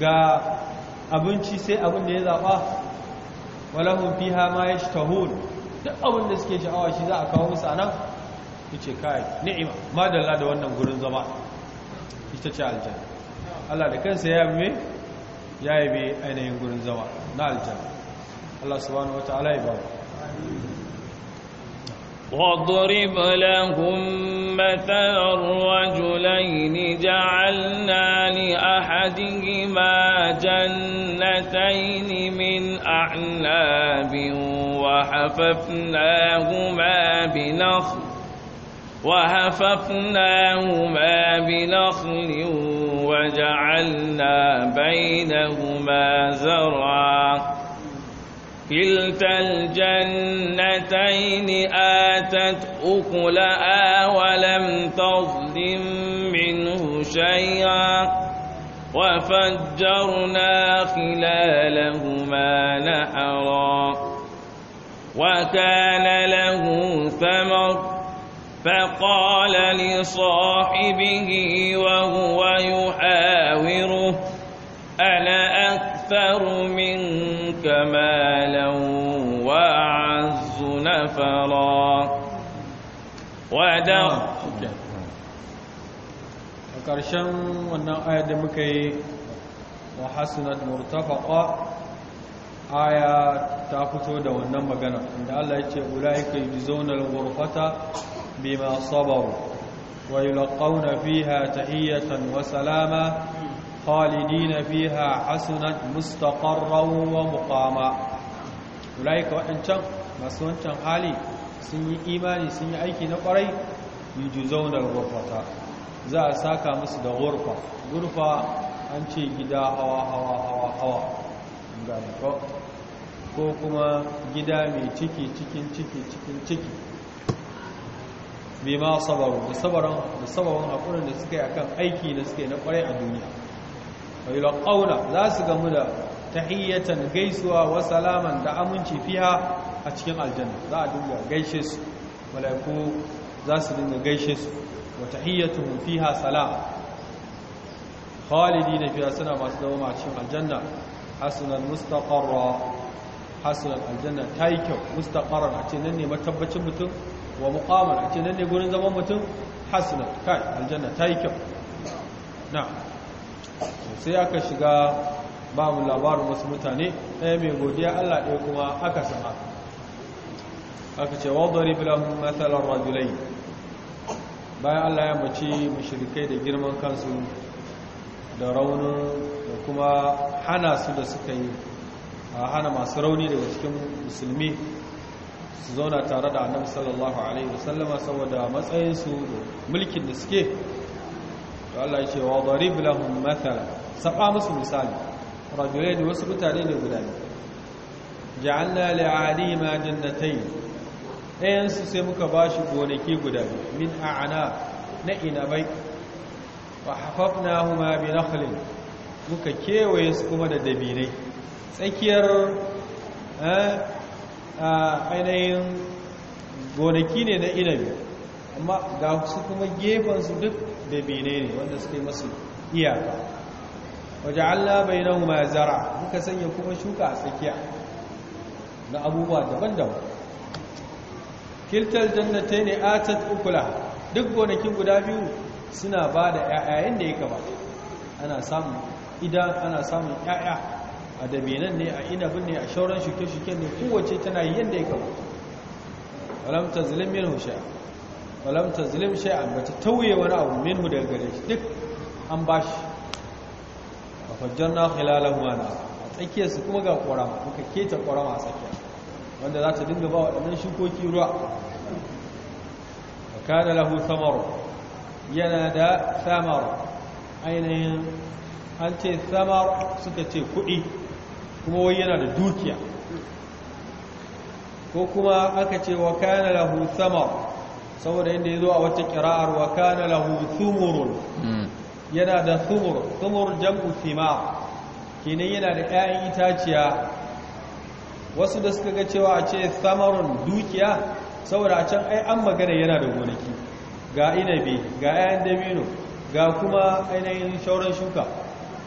ga abinci sai abin da ya zaɓa walahun fiha ma ya tahun, duk abin da suke sha'awa shi za a kawo musu anan yace kai ni'ima madalla da wannan gurin zama ita ce aljanna Allah da kansa ya yi ya ainihin gurin zama na aljanna Allah subhanahu wataala ya ba واضرب لهم مثل الرجلين جعلنا لأحدهما جنتين من أعناب وحففناهما بنخل وهففناهما بنخل وجعلنا بينهما زرعا كلتا الجنتين آتت أكلها ولم تظلم منه شيئا وفجرنا خلالهما نهرا وكان له ثمر فقال لصاحبه وهو يحاوره أنا أكبر أكثر منك مالا وأعز نفرا ودخل آه، وكرشن آه، وانا آية دمكي وحسنة مرتفقة آية تأخذ ودو النمى قنا عند الله يتي أولئك يجزون الغرفة بما صبروا ويلقون فيها تحية وسلامة khalidina fiha hasunat mustaqarran wa muqama ulaika wadancan masu wancan hali sun yi imani sun yi aiki na kwarai yujzauna ghurfata za a saka musu da ghurfa ghurfa an ce gida hawa hawa hawa hawa ko ko kuma gida mai ciki cikin ciki cikin ciki bima sabaru da sabarin da sabarin hakurin da suka yi akan aiki da suka yi na kwarai a duniya wa yulqauna za su gamu da tahiyyatan gaisuwa wa salaman da aminci fiya a cikin aljanna za a dinga gaishe su malaiku za su dinga gaishe su wa tahiyyatuhum fiha salam na fiya suna masu dawama a cikin aljanna hasunan mustaqarra hasunan aljanna ta yi kyau mustaqarran a ce nan ne matabbacin mutum wa muqaman a ce nan ne gurin zaman mutum hasunan kai aljanna ta yi kyau na'am sai aka shiga babu labarin wasu mutane ɗaya mai godiya Allah ɗaya kuma aka sama aka ce wadari bilan matsalar rajulai bayan Allah ya mace mashirikai da girman kansu da raunin da kuma hana su da suka yi a hana masu rauni daga cikin musulmi su zauna tare da annabi sallallahu alaihi wasallama saboda matsayinsu da mulkin da suke Allah ya ce wa darib lahum mathalan saba musu misali rajulai da wasu mutane ne guda biyu ja'alna li'alima jannatayn ɗayan su sai muka bashi gonaki guda biyu min a'ana na inabai wa hafafnahuma bi nakhlin muka kewaye su kuma da dabinai tsakiyar eh, ainihin gonaki ne na inabi amma ga su kuma gefen su duk da bene ne wanda suke masu iyaka waje allah bai nan ma zara muka sanya kuma shuka a tsakiya na abubuwa daban-daban kiltar jannatai ne ta ukula duk gonakin guda biyu suna ba da 'ya'yayen da ya kama ana samun idan ana samun 'ya'ya a dabinan ne a inabin ne a shauran shuke-shuken ne kowace tana yi yadda ya kama alamta zilimin hushe walam tazlim shay'an bata tauye wani abu minhu daga gare shi duk an bashi fa fajjarna khilalahu ana a tsakiyar su kuma ga ƙorama muka keta ƙorama a tsakiya wanda za ta dinga ba waɗannan shukoki ruwa wa kana lahu samaru yana da samaru ainihin an ce samaru suka ce kuɗi kuma wai yana da dukiya ko kuma aka ce wa kana lahu samaru. saboda inda ya zo a wata kira'ar wa kana lahu thumurun hmm. yana da thumur thumur jam'u thima kenan yana da 'ya'yan itaciya wasu da suka ga cewa a ce thamarun dukiya saboda a can ai an magana yana da gonaki ga inabi ga 'ya'yan dabino ga kuma ainihin shauran shuka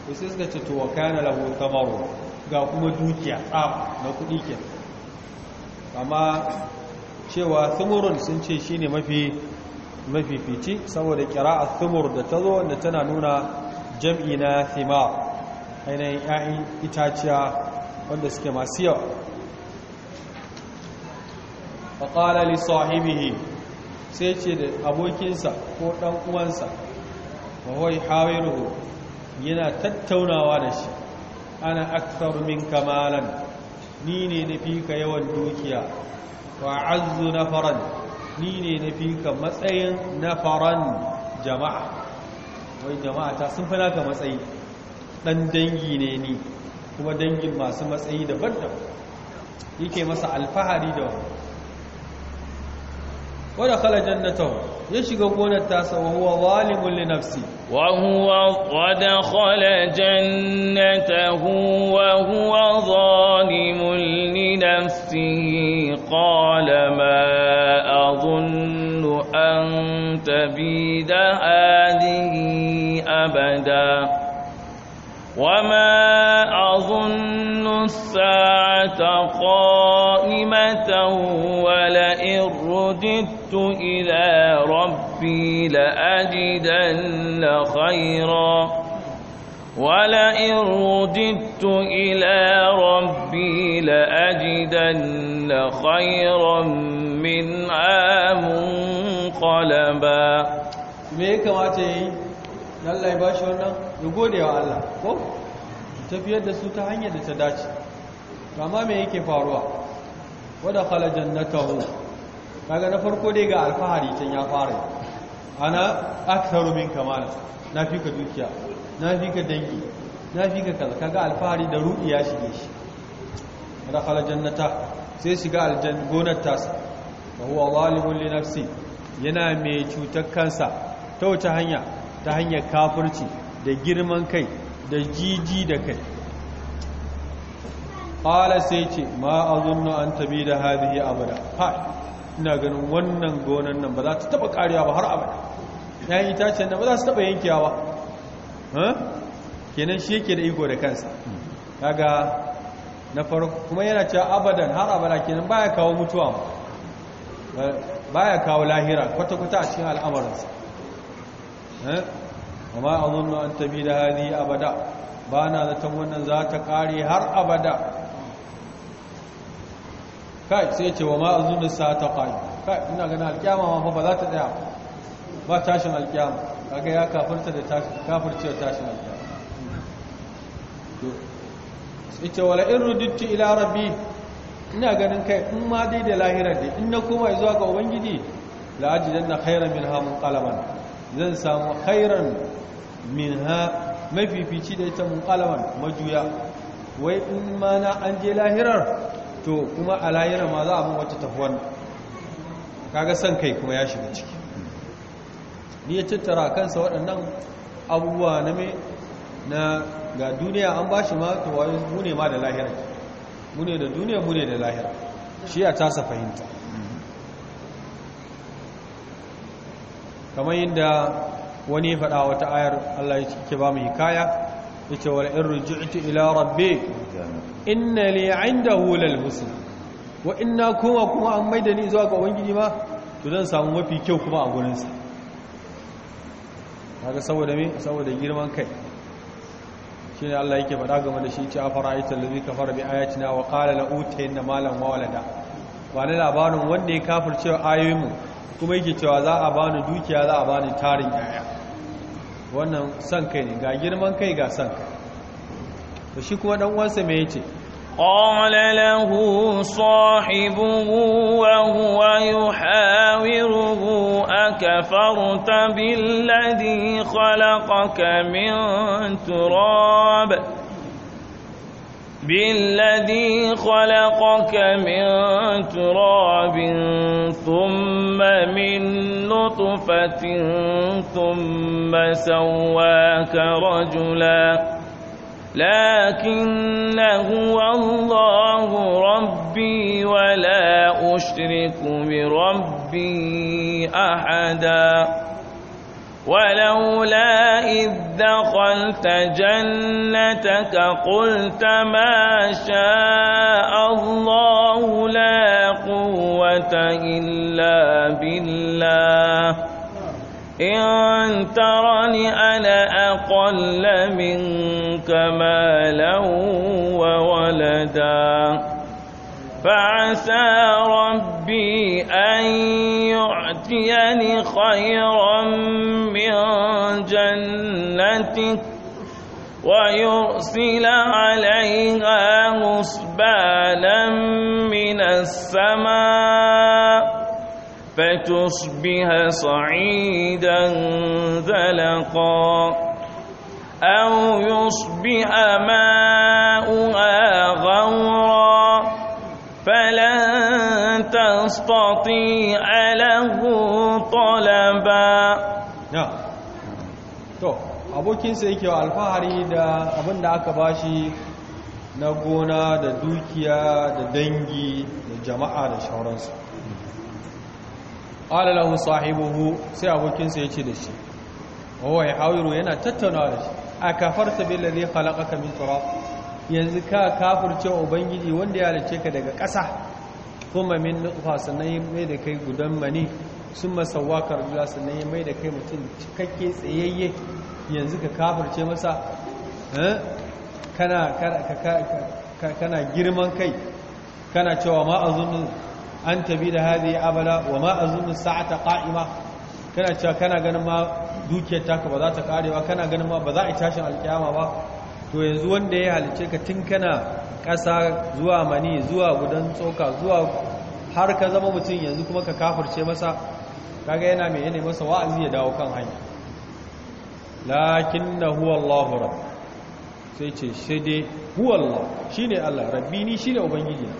wasu suka ce to wa kana lahu thamarun ga kuma dukiya tsafa na kuɗi ke amma cewa thumurun sun ce shine mafi mafifici saboda a thumur da ta zo wanda tana nuna jam'i na thima ainihin ya'in itaciya wanda suke masu yawa faqala li sahibihi sai ce da abokinsa ko ɗan’uwansa uwansa wa yana tattaunawa da shi ana aktar min kamalan ni ne fi ka yawan dukiya wa na faran, ni ne na fi ka matsayin nafaran jama'a wai jama'a ta sun fi naka matsayi ɗan dangi ne ni kuma dangin masu matsayi daban-daban yake masa alfahari da wani ودخل جنته يشق قونا التاسع وهو ظالم لنفسه وهو ودخل جنته وهو ظالم لنفسه قال ما أظن أن تبيد هذه أبداً وما أظن الساعة قائمة ولئن رددت إلى ربي لأجدن خيرا ولئن رددت إلى ربي لأجدن خيرا منها منقلبا قلبا ya واتي yi lallai ya gode wa Allah ko tafiyar da su ta hanyar da ta dace amma me yake faruwa wadda khala jannatahu kaga na farko dai ga alfahari can ya fara ana aktharu min kamal na fi ka dukiya na fi ka dangi na fi ka kaza kaga alfahari da rudi ya shige shi wadda khala jannata sai shiga aljanna gonar tasa wa huwa zalimun li nafsi yana mai cutar kansa ta wata hanya ta hanyar kafirci da girman kai da jiji da kai ƙala sai ce ma a zunnu an tabi da hadihi abada ha ina ganin wannan gonan nan ba za ta taɓa kariya ba har abada ya yi itacen nan ba za su taɓa yankewa ba kenan shi yake da iko da kansa Daga na farko kuma yana cewa abadan har abada kenan baya kawo mutuwa baya kawo lahira kwata-kwata a cikin al'amarinsa amma a zunnu an tabi da hali abada ba na zaton wannan za ta kare har abada kai sai ce wa ma a zunnu sa ta kai kai ina ganin alkyama ma ba za ta daya ba tashin alkyama kaga ya kafirta da kafirce tashin alkyama ita wala in rudittu ila rabbi ina ganin kai in ma dai da lahirar dai in na koma zuwa ga ubangiji la na khairan min hamun qalaman zan samu khairan min minha mafifici da ita munqalaban majuya wai in ma na an je lahirar to kuma a lahirar ma za a mun wata tafwan kaga san kai kuma ya shiga ciki ni ya tattara kansa waɗannan abubuwa na me na ga duniya an bashi ma to wayo mune ma da lahirar mune da duniya mune da lahirar shi a tasa fahimta kamar yadda wani ya faɗa wata ayar Allah ya ba mu hikaya ya ce wala in ruji'tu ila rabbi inna li 'indahu lal husn wa inna kuma kuma an maida ni zuwa ga ubangiji ma to zan samu mafi kyau kuma a gurin sa kaga saboda me saboda girman kai shine Allah yake faɗa game da shi ce afara'aita allazi kafara bi ayatina wa qala la utayna malan wa walada ba ni labarin wanda ya kafirce ayoyin mu kuma yake cewa za a bani dukiya za a bani tarin yaya wannan san kai ne ga girman kai ga san kai to shi kuma dan uwansa me yace qala lahu sahibuhu wa huwa yuhawiruhu akafarta billadhi khalaqaka min turab بالذي خلقك من تراب ثم من نطفة ثم سواك رجلا لكن هو الله ربي ولا أشرك بربي أحداً ولولا إذ دخلت جنتك قلت ما شاء الله لا قوة إلا بالله إن ترني أنا أقل منك مالا وولدا فعسى ربي أن يعتيني خيرا من جنتك ويرسل عليها مصبالا من السماء فتصبح صعيدا زلقا أو يصبح ماؤها غورا فلن تستطيع له طلبا to abokinsa yake alfahari da abin da aka bashi na gona da dukiya da dangi da jama'a da shauransu alalahu sahibuhu sai abokinsa ya ce da shi wawai hawiru yana tattaunawa da shi a kafarta billazi khalaqaka min turab yanzu ka wa ubangiji wanda ya halice ka daga ƙasa kuma min nutfa sannan ya mai da kai gudan mani sun masawa karjula sannan ya mai da kai mutum cikakke tsayayye yanzu ka ce masa eh? kana girman kai kana cewa ma zunin an tabi da ya abala wa ma zunin sa'ata ƙa'ima. kana cewa kana ganin ma dukiyar taka ba za ta ƙarewa kana ganin ma ba za a yi tashin alƙiyama ba to yanzu wanda ya halice ka tun kana ƙasa zuwa mani zuwa gudan tsoka zuwa har ka zama mutum yanzu kuma ka kafurce masa kaga yana mai yanayi masa wa'azi ya dawo kan hanya lakin na huwallahu rabb sai ce shi dai Allah shi ne Allah rabbi ni shi ne ubangiji na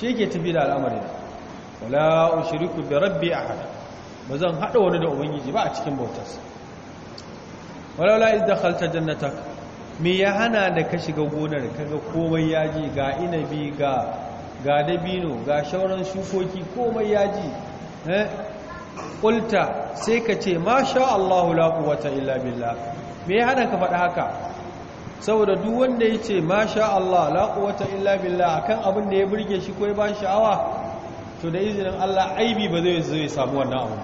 shi yake tafi da al'amari na wala ushiriku bi rabbi ahad ba zan haɗa wani da ubangiji ba a cikin bautarsa wala la iz dakhalta jannataka me ya hana da ka shiga gonar kaga komai ya ji ga inabi ga ga dabino ga shauran shukoki komai ya ji ƙulta eh? sai ka ce masha Allahu laku wata illa billah me ya hana ka faɗi haka saboda duk wanda ya ce masha Allah laku wata illa billah kan abin da ya burge shi ko ya ba sha'awa to da izinin Allah aibi ba zai samu wannan abu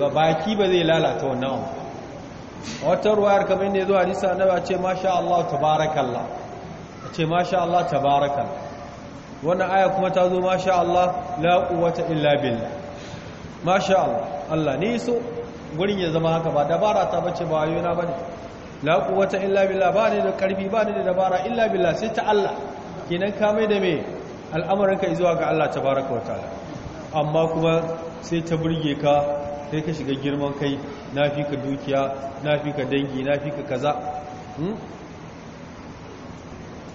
ba baki ba zai lalata wannan abu a wata ruwayar kamar ne zuwa hadisi na ba ce masha Allah tabarakallah a ce masha Allah tabarakallah wannan aya kuma ta zo masha Allah la quwwata illa billah masha Allah Allah ni so gurin ya zama haka ba dabara ta bace ba wayo na bane la quwwata illa billah ba ne da karfi ba ne da dabara illa billah sai ta Allah kenan ka mai da me al'amarin ka zuwa ga Allah baraka wa ta'ala amma kuma sai ta burge ka sai ka shiga girman kai na fi ka dukiya na fi ka dangi na fi ka kaza hmm?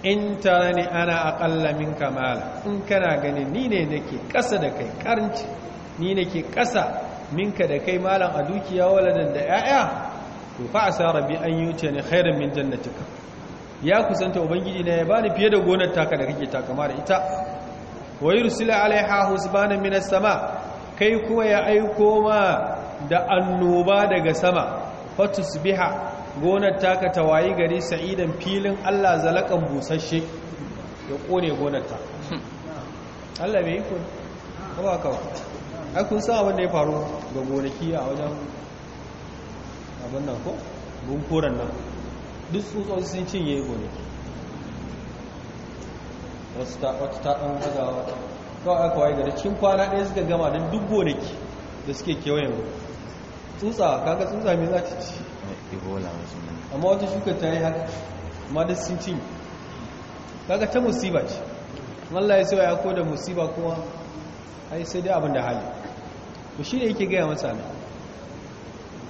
in tara ne ana akalla min kamala in kana gani ni ne nake ƙasa da kai karanci ni nake ƙasa minka da kai malam a dukiya waladan da 'ya'ya to fa asa rabbi an yuce ni khairan min jannatika ya kusanta ubangiji na ya bani fiye da gonar taka da kake takama da ita wa yursila alaiha husbana minas sama kai kuma ya aiko ma da annoba daga sama fatus biha gonar taka tawayi gari sa'idan filin Allah zalakan busasshe ya kone gonar ta Allah bai iko ba ka a kun sa abin da ya faru ga gonaki a wajen abin nan ko bunkoran nan duk tsutsotsi sun cinye gonaki wasu ta ɗan wata. kawai aka waye gari cikin kwana ɗaya suka gama don duk gonaki da suke kewayen tsutsa kaga tsutsa mai za ta ci amma wata shuka ta yi haka amma da sun ci kaga ta musiba ce wallahi sai ya ko da musiba kuma ai sai dai abin da hali ba shi ne yake gaya masa ne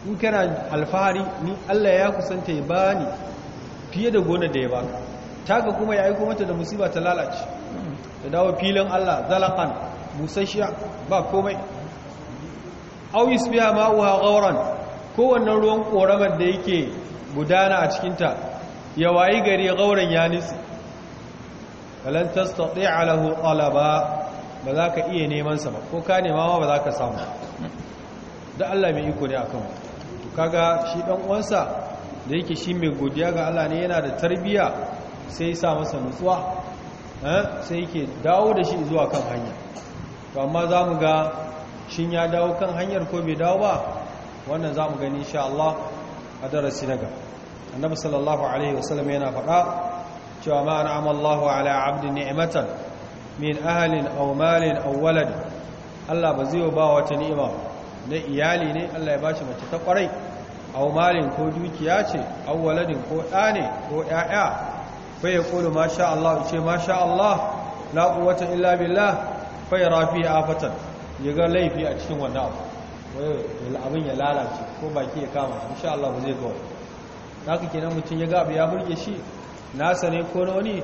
in kana alfahari ni Allah ya kusanta ya bani fiye da gonar da ya ta taka kuma ya aiko mata da musiba ta lalace ta dawo filin Allah zalakan busasshiya ba komai aw yusbiha ma'uha gauran kowannan ruwan koramar da yake gudana a cikinta ya wayi gari gauran ya nisi falan ɗaya alahu ala ba za ka iya neman sa ko ka nema ba za ka samu da Allah mai iko ne a kan kaga shi ɗan uwansa da yake shi mai godiya ga Allah ne yana da tarbiyya sai ya sa masa nutsuwa sai ke dawo da shi zuwa kan hanya to amma za mu ga shin ya dawo kan hanyar ko bai dawo ba wannan za mu gani insha Allah a darasi na ga annabi sallallahu alaihi wasallam yana faɗa cewa ma an'ama Allahu ala 'abdin ni'matan min ahlin aw malin aw walad Allah ba zai ba wata ni'ima na iyali ne Allah ya bashi mace ta kwarai aw malin ko dukiya ce aw waladin ko ɗa ne ko ƴaƴa fa ya kulu ma sha Allah ce ma sha Allah la quwwata illa billah fa rafi a afatan ya ga laifi a cikin wannan abu abin ya lalace ko baki ya kama insha Allah ba zai ga wani haka kenan mutum ya ga abu ya burge shi nasa ne ko wani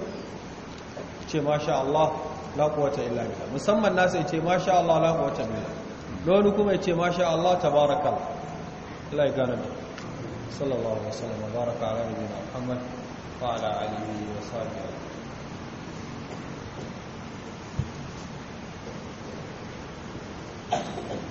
ce ma sha Allah la quwwata illa billah musamman nasa ya ce ma sha Allah la quwwata billah don kuma ya ce ma sha Allah tabarakallah Allah ya gane sallallahu alaihi wasallam baraka ala nabiyina Muhammad قال آله وصحبه Thank you.